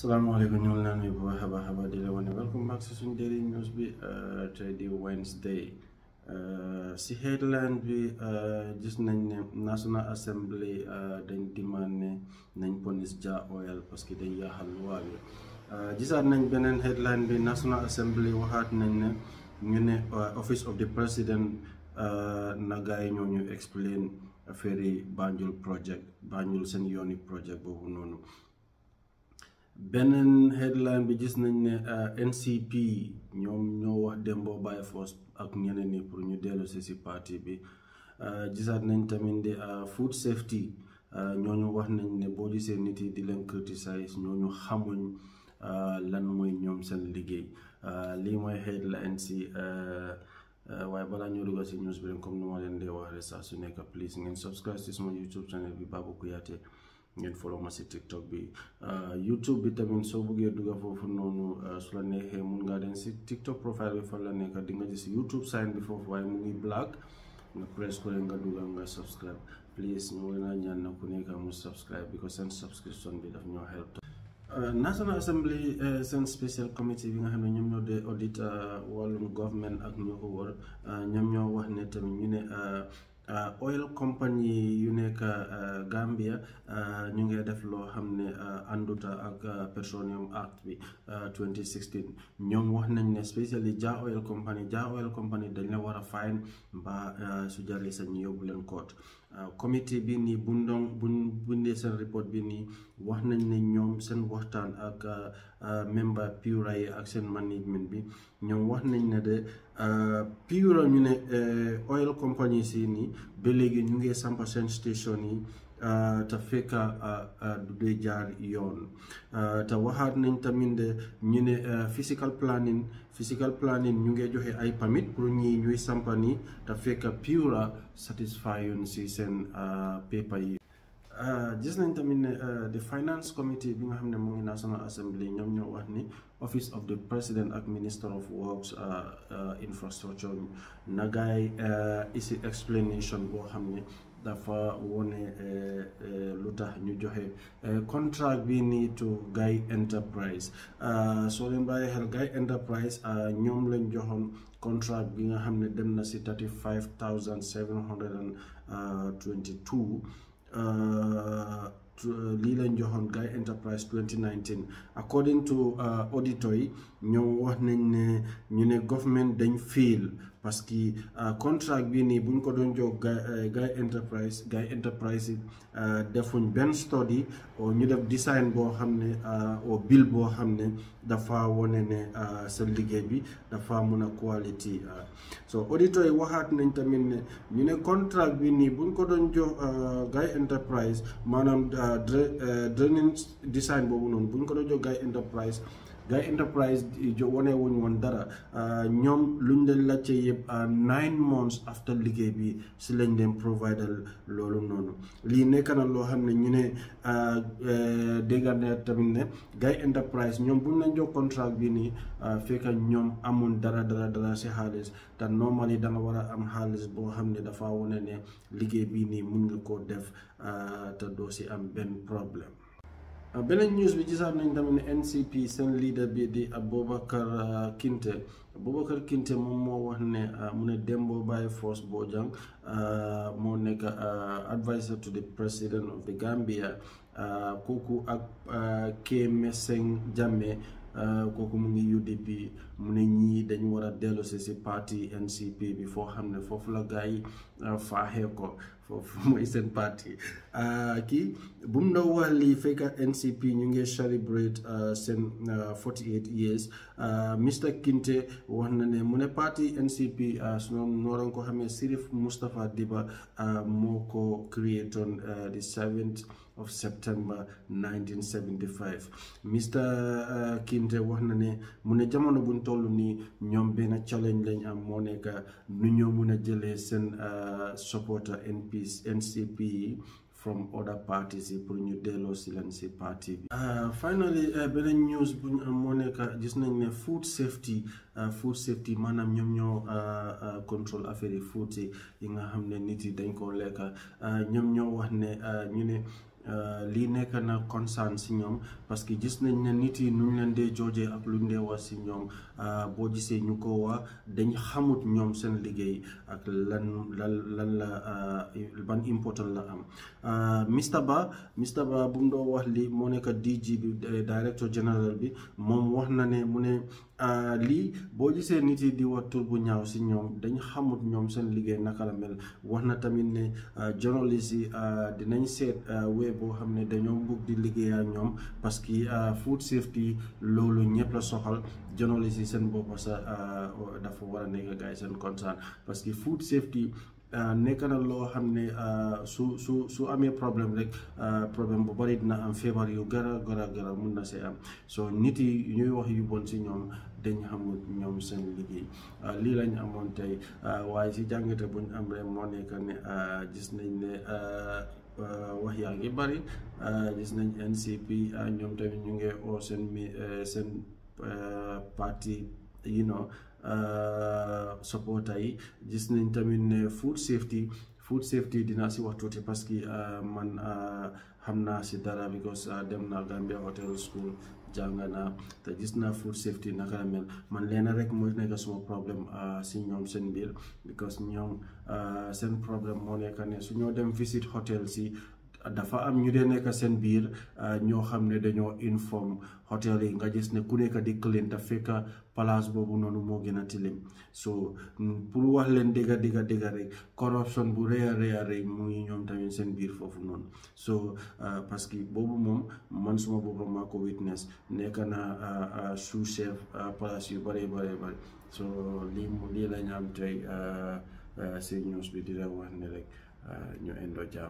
salaamaaleykum ñu ngi leen nuyu bu baax a baax a baax di la wane welcome back si suñu daily news bi uh, tey Wednesday uh, si headline bi uh, gis nañ ne National Assembly dañ demand ne nañ ponis Jah Oil parce que dañ yaaxal luwaa bi gisaat nañ beneen headline bi National Assembly waxaat nañ ne ñu ne Office of the President na yi ñoo ñu explain affaire yi Banjul project Banjul seen yooni project boobu noonu. beneen headline bi gis nañ ne euh, NCP ñoom ñoo wax Dembo by force ak ñeneen ñi pour ñu dellu si si parti bi euh, gisaat nañ tamit de euh, food safety ñooñu wax nañ ne boo di gisee nit yi di leen criticize ñooñu xamuñ lan mooy ñoom seen liggéey li mooy headline si waaye balaa ñoo dugg si news comme ni ma leen di waxee saa su nekk please ngeen subscribe si suma YouTube channel bi Babou Kuyaté ngeen follow ma si TikTok bi euh, YouTube bi tamit soo bëggee dugga foofu noonu euh, su la neexee mun ngaa dem si TikTok profile bi fan la nekk di nga gis YouTube sign bi foofu waaye mu ngi black nga press ko rek nga dugga nga subscribe please ñu ngi ñaan na ku nekk mu subscribe because seen subscription bi daf ñoo help euh, National Assembly seen special committee bi nga xam ne ñoom ñoo dee audit wàllum government ak ñu ko wër ñoom ñoo wax ne tamit ñu ne Euh, oil company yu nekk euh, Gambia euh, ñu ngi def loo xam ne ànduta ak Petroleum Act bi 2016 ñoom wax nañ ne spécially Jah oil company Jah oil company dañ la war a fine ba su jaree sa ñu yóbbu leen court Euh, comité bi nii bu ndong bu bindee seen report bi nii wax nañ ne ñoom seen waxtaan ak euh, euh, member PURA yi ak seen management bi ñoom wax nañ ne de PURA ñu ne oil companies yi nii ba léegi ñu ngi samp seen station yi Ah, te fekk ah, ah, du dee jaar yoon te waxaat nañ tamit de ñu ne physical planning physical planning ñu ngi joxe ay permit pour ñi ñuy sampani te fekk pura satisfaction si seen paper yi gis nañ tamit ne the finance committee bi nga xam ne mu ngi national assembly ñoom ñoo wax ni office of the president ak minister of works infrastructure nagaay isi explanation boo xam ne dafa wone eh, eh, lu tax ñu joxe eh, contract bi nii to Guy Enterprise ah, soo leen bàyyi xel Guy Enterprise ah, ñoom lañ joxoon contract bi nga xam ne dem na si thirty five thousand seven hundred and ah, twenty two lii lañ joxoon Guy Enterprise 2019 according to auditor yi ñoom wax nañ ne ñu ne government dañ fail parce que euh, contract bi nii buñ ko doon jox Gai euh, Enterprise Gai Enterprise euh, defuñ benn study oo ñu def design boo xam ne oo bill boo xam ne dafa wone ne sa liggéey bi dafa mun a quality so auditor yi waxaat nañ tamit ne ñu ne contract bi nii buñ ko doon jox Gai Enterprise maanaam drainage design boobu noonu buñ ko doon jox Gai Enterprise gars yi enterprise eh, jo wane woon dara ah, ñoom lu luñ leen laajte yëpp ah, nine months after liggéey bi si lañ leen providal loolu noonu lii nekk na loo xam ne ñu ne ah, eh, dégg ne tamit ne gars yi enterprise ñoom buñ leen jox contract bi nii fekk ñoom amoon dara dara dara si xaalis te normally yi danga war a am xaalis boo xam ne dafa wane ne liggéey bii nii mun nga koo def te doo si am benn problème Ah, beneen news bi gisaat nañ tamit ne NCP seen leader bi di Aboubacar ah, Kinte Boubacar Kinte moom moo wax ne ah, mu ne Dembo Baye Force Bojang moo nekk advisor to the president of the Gambia kooku ak Keme Seng Jammeh kooku mu ngi UDP mu ne ñii dañu war a dellusi si parti NCP bi foo xam ne foofu la gars yi faaxee ko. foofu mooy seen parti euh, kii bu mu ndaw wàlli fekk NCP ñu ngi celebrate euh, seen 48 euh, years Mr Kinte wax na ne mu ne parti NCP su nooroon ko xamee Sirif Mustapha Diba moo ko creatoon the 7th of September 1975 Mr Kinte wax na ne mu ne jamono bu toll nii ñoom benn challenge lañ am moo nekk nu ñoo mun a jëlee seen supporter NP NCP yi from other parties yi ñu delloo si leen si parti bi. Euh, finally euh, beneen news bu ñu am gis nañ ne food safety euh, food safety maanaam ñoom ñoo control affaire yi food yi nga xam ne nit yi dañ koo lekk ñoom ñoo wax ne ñu ne. Euh, lii nekk na concern si ñoom parce que gis nañ ne nit yi nuñ leen dee joojee ak lu ñu dee wax si ñoom euh, boo gisee ñu ko wax dañ xamut ñoom seen liggéey ak lan lan lan la euh, ban important la am Mr Ba Mr Ba bu mu doo wax li moo nekk DG bi directeur général bi moom wax na ne mu ne Euh, lii boo gisee nit yi di wax tur bu ñaaw si ñoom dañ xamut ñoom seen liggéey naka la mel wax na tamit ne euh, journaliste yi euh, dinañ seet wee boo xam ne dañoo bëgg di liggéey ak ñoom parce que food safety loolu ñëpp la soxal journaliste yi seen bopp sa dafa war a nekk gaay seen concern parce que food safety Euh, nekk na loo xam ne euh, su su su amee problème rek euh, problème bu bari dina am feebar yu gara gara gara mun na see am so nit yi ñuy wax yu bon si ñoom dañ xamul ñoom seen liggéey lii lañ amoon tey waaye si jàngate buñ am rek moo nekk ne gis nañ ne wax yaa ngi bari gis nañ NCP ñoom tamit ñu ngi oo seen mi seen parti you Euh, supporter yi gis nañ tamit ne food safety food safety dinaa si wax tuuti parce que euh, man euh, xam naa si dara because dem naa Gambia hotel school jàng te gis naa food safety naka la mel man leena rek mooy nekk suma problème si ñoom seen biir because ñoom seen problème moo nekk ne su ñoo dem visit hotel si dafa am ñu dée nekk seen biir euh, ñoo xam ne dañoo inform hotel yi nga gis ne ku nekk di clean te fekk place boobu noonu moo gën tilim so mm, pour wax leen dégga dégga dégga rek corruption bu rëy a rëy a rëy mu ngi ñoom tamit seen biir foofu noonu so euh, parce que boobu moom man suma boobu maa ko witness nekk na euh, sous chef place yu bare bare bare so lii lii lañ am tey si news bi di la wax ne rek ñu